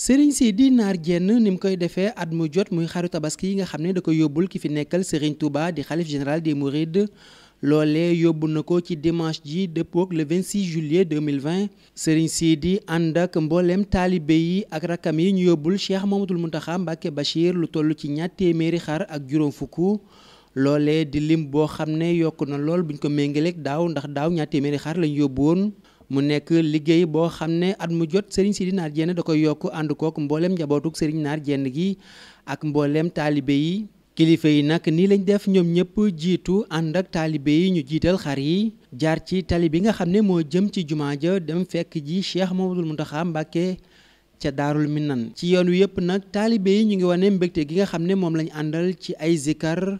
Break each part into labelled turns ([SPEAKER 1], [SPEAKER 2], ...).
[SPEAKER 1] Serigne Sidi di naar jenn koy defee at mu jot muy xaru tabaski yi nga xamné da ko yobul ki Touba di khalif général des Mourides l'olé Yobunoko, qui ci dimanche ji le 26 juillet 2020 Serigne Sidi, anda mbollem talibé yi ak rakam yi ñu yobul Cheikh Mamadou Mountakha Mbacké Bachir lu tollu ci ñaat téeméeri xar ak juróom fuku l'olé di lim bo xamné yokuna buñ ko daw ndax daw ñaat mu nekk liggéey boo xam ne at mu jot Serigne Sidi Naar jenn da koy yokk ànd kook mbooleem njabootug Serigne Naar jenn gi ak mbooleem taalibe yi kilifa yi nag nii lañ def ñoom ñëpp jiitu ànd ak taalibe yi ñu jiital xar yi jaar ci tali nga xam ne moo jëm ci juma ja dem fekk ji Cheikh Mamadou ca daarul minan ci yoon wi yëpp nag taalibe yi ñu ngi wane mbégte gi nga xam ne lañ àndal ci ay zikar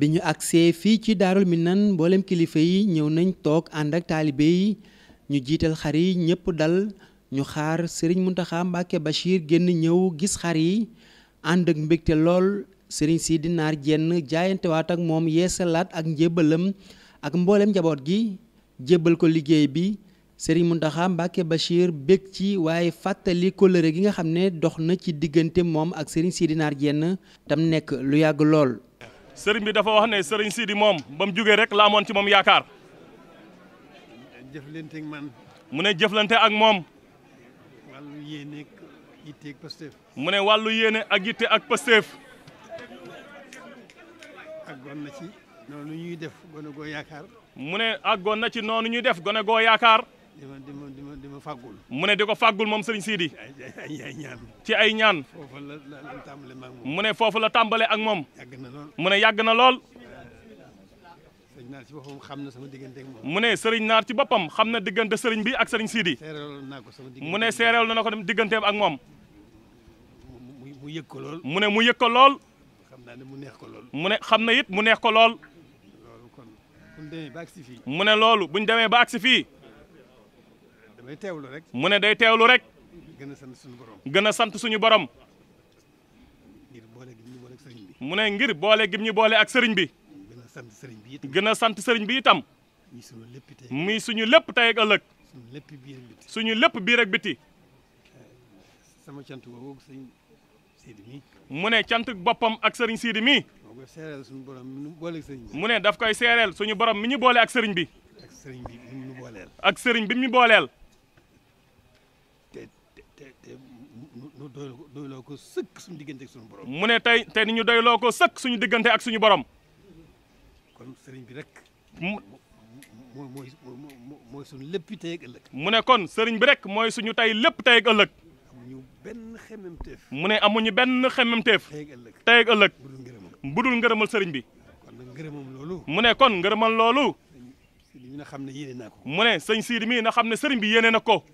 [SPEAKER 1] biñu ñu fi ci darul minan bolem kilifa yi ñew nañ tok and ak talibé yi ñu jital xar yi ñepp dal ñu xaar serigne muntaha mbake bashir genn ñew gis xar yi and ak mbekté lol serigne Sidi Naar jaayante jaayantewaat ak mom yeesalaat ak njébbalam ak mbolem jabot gi ko liggéey bi serigne muntaha mbake bashir bekk ci fatali ko kóllëre gi nga xam ne dox na ci digënté moom ak serigne Sidi Naar tam nekk lu yag lol
[SPEAKER 2] sëriñ bi dafa wax ne sëriñ Sidi moom ba mu jógee rek laamoon amoon ci moom yaakaar. jëflante man. mu ne jëflante ak moom. wàllu yéene ak mu ne wàllu yéene ak yitte ak Pastef. àggoon na ci noonu ñuy def gone goo yaakaar. mu ne àggoon na ci noonu ñuy def gone goo yaakaar. di ma ma di ma di mu ne di ko fàggul moom sëriñ Sidi. ci ay ñaan. ci ay ñaan. foofu la la tàmbalee ak moom. mu ne foofu la tàmbalee ak moom. yàgg na lool mu ne yàgg na lool.
[SPEAKER 3] sëriñ naar ci boppam xam na sama diggante ak moom.
[SPEAKER 2] mu ne sëriñ naar ci boppam xam na diggante sëriñ bi ak sëriñ Sidi. seereeloon ko sama diggante mu ne seereel na ko digganteem ak moom. mu yëg ko lool. mu ne mu yëg lool.
[SPEAKER 3] xam naa ne mu neex ko lool.
[SPEAKER 2] mu ne xam na it mu neex ko lool. loolu bu ñu demee ba agsi fii. fii day mu ne day tewlu rek. gëna sant suñu borom. gën ngir boole gim ñu boole ak sëriñ bi.
[SPEAKER 3] mu ne ngir
[SPEAKER 2] boole gim ñu boole ak sëriñ bi. gën sant sëriñ bi itam. muy suñu lepp tay ak ëlëk suñu lepp bi rek biti. Eh, sama cant googu sëriñ Sidi mi. mu ne cant boppam ak sëriñ Sidi mi. mu ne daf koy seereel suñu borom mi ñu boole ak sëriñ bi.
[SPEAKER 3] ak sëriñ bi mi ñu boole
[SPEAKER 2] ak sëriñ bi mi boole
[SPEAKER 3] nu doyloo ko sëkk suñu suñu
[SPEAKER 2] mu ne tey tey ni ñu doyloo ko sëkk suñu diggante ak suñu borom. sëriñ bi rek. mu mooy mooy mu ne kon sëriñ bi rek mooy suñu tey lépp tey ak ëllëg. amuñu benn xemmemteef. mu ne amuñu benn xemmemteef. tey ak ëllëg tey ak ëllëg. budul ngërëmal sëriñ bi.
[SPEAKER 3] kon nag ngërëmam loolu.
[SPEAKER 2] mu ne kon ngërëmal loolu.
[SPEAKER 3] mu ne sëñ Sidi xam ne yéene ko.
[SPEAKER 2] mu ne sëñ Sidi mi na xam ne sëriñ bi yéene na ko.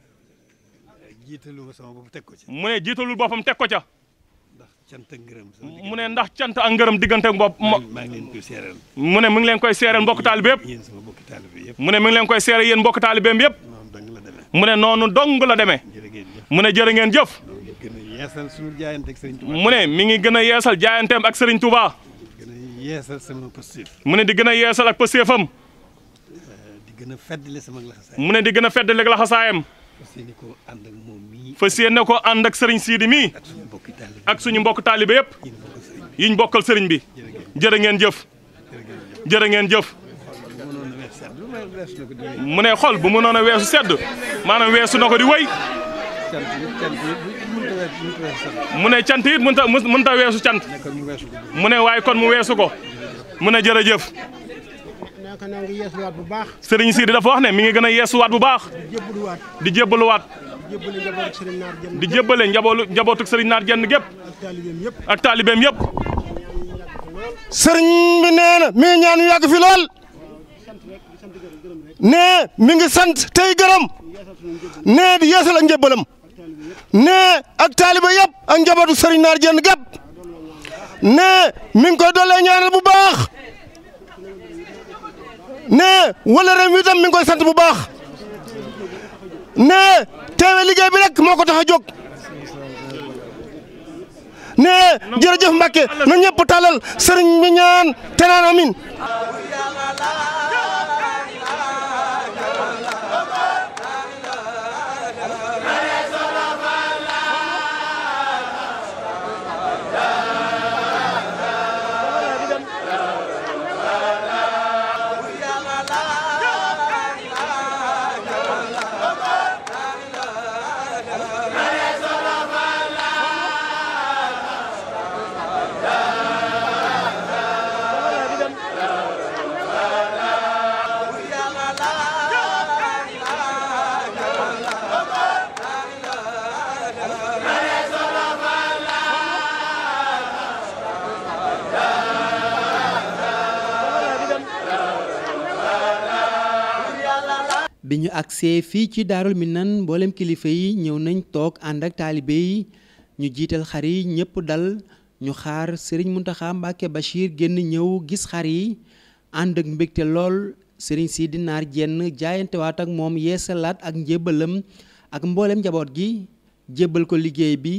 [SPEAKER 3] jiitaluma sama ko
[SPEAKER 2] ca. mu ne jiitalul boppam teg ko ca. ndax mu ne ndax cant ak ngërëm diggante ak maa
[SPEAKER 3] ngi leen
[SPEAKER 2] mu ne mi ngi leen koy seeral mbokk taalibe yëpp. yéen sama mbokk taalibe yëpp. mu ne mi ngi leen koy seeral yéen mbokk taalibeem yëpp. mu ne noonu dong la demee. mu ne jërë jëf. mu ne mi ngi gën a yeesal jaayanteem ak Serigne Touba. mu ne di gën a yeesal ak pëstéefam.
[SPEAKER 3] di gën a feddale sama laxasaayam.
[SPEAKER 2] mu ne di gën a feddale ak laxasaayam. fas yéene koo ànd ak moom mii. fas yéene koo sëriñ Sidi mii. ak suñu mbokk taalibe yëpp. yi bokkal sëriñ bi. jërë ngeen jëf. jërë ngeen jëf.
[SPEAKER 3] mu ne xol bu
[SPEAKER 2] mënoon a weesu sedd. maanaam weesu na ko di wéy. mu ne cant it mënta mënta weesu cant. mu ne waaye kon mu weesu ko. mu ne jërëjëf. Serigne Sidi dafa wax ne mi ngi gëna a wat bu baax. di wat di jébbale njaboolu njabootuk Serigne Naar Jenn gépp. ak taalibeem yëpp. Serigne bi nee na mi ngi ñaan yàgg fi lool. nee mi ngi sant tey gërëm nee di yeesal ak njëbbalam nee ak ak jenn mi ngi ñaanal bu baax nee wala rem wi tam mi koy sant bu baax nee teewe liggéey bi rek moo ko tax a jóg nee jërëjëf Mbacke na ñëpp talal sëriñ bi ñaan te
[SPEAKER 1] bi ñu agsee fii ci daarul minan mboolem kilifa yi ñëw nañ toog ànd ak taalibe ñu jiital xar yi ñëpp dal ñu xaar Serigne Mountakha Mbacké Bachir génn ñëw gis xar yi ànd ak mbégte lool Serigne Sidi Naar jenn jaayantewaat ak moom yeesalaat ak njébbalam ak mboolem njaboot gi jébbal ko liggéey bi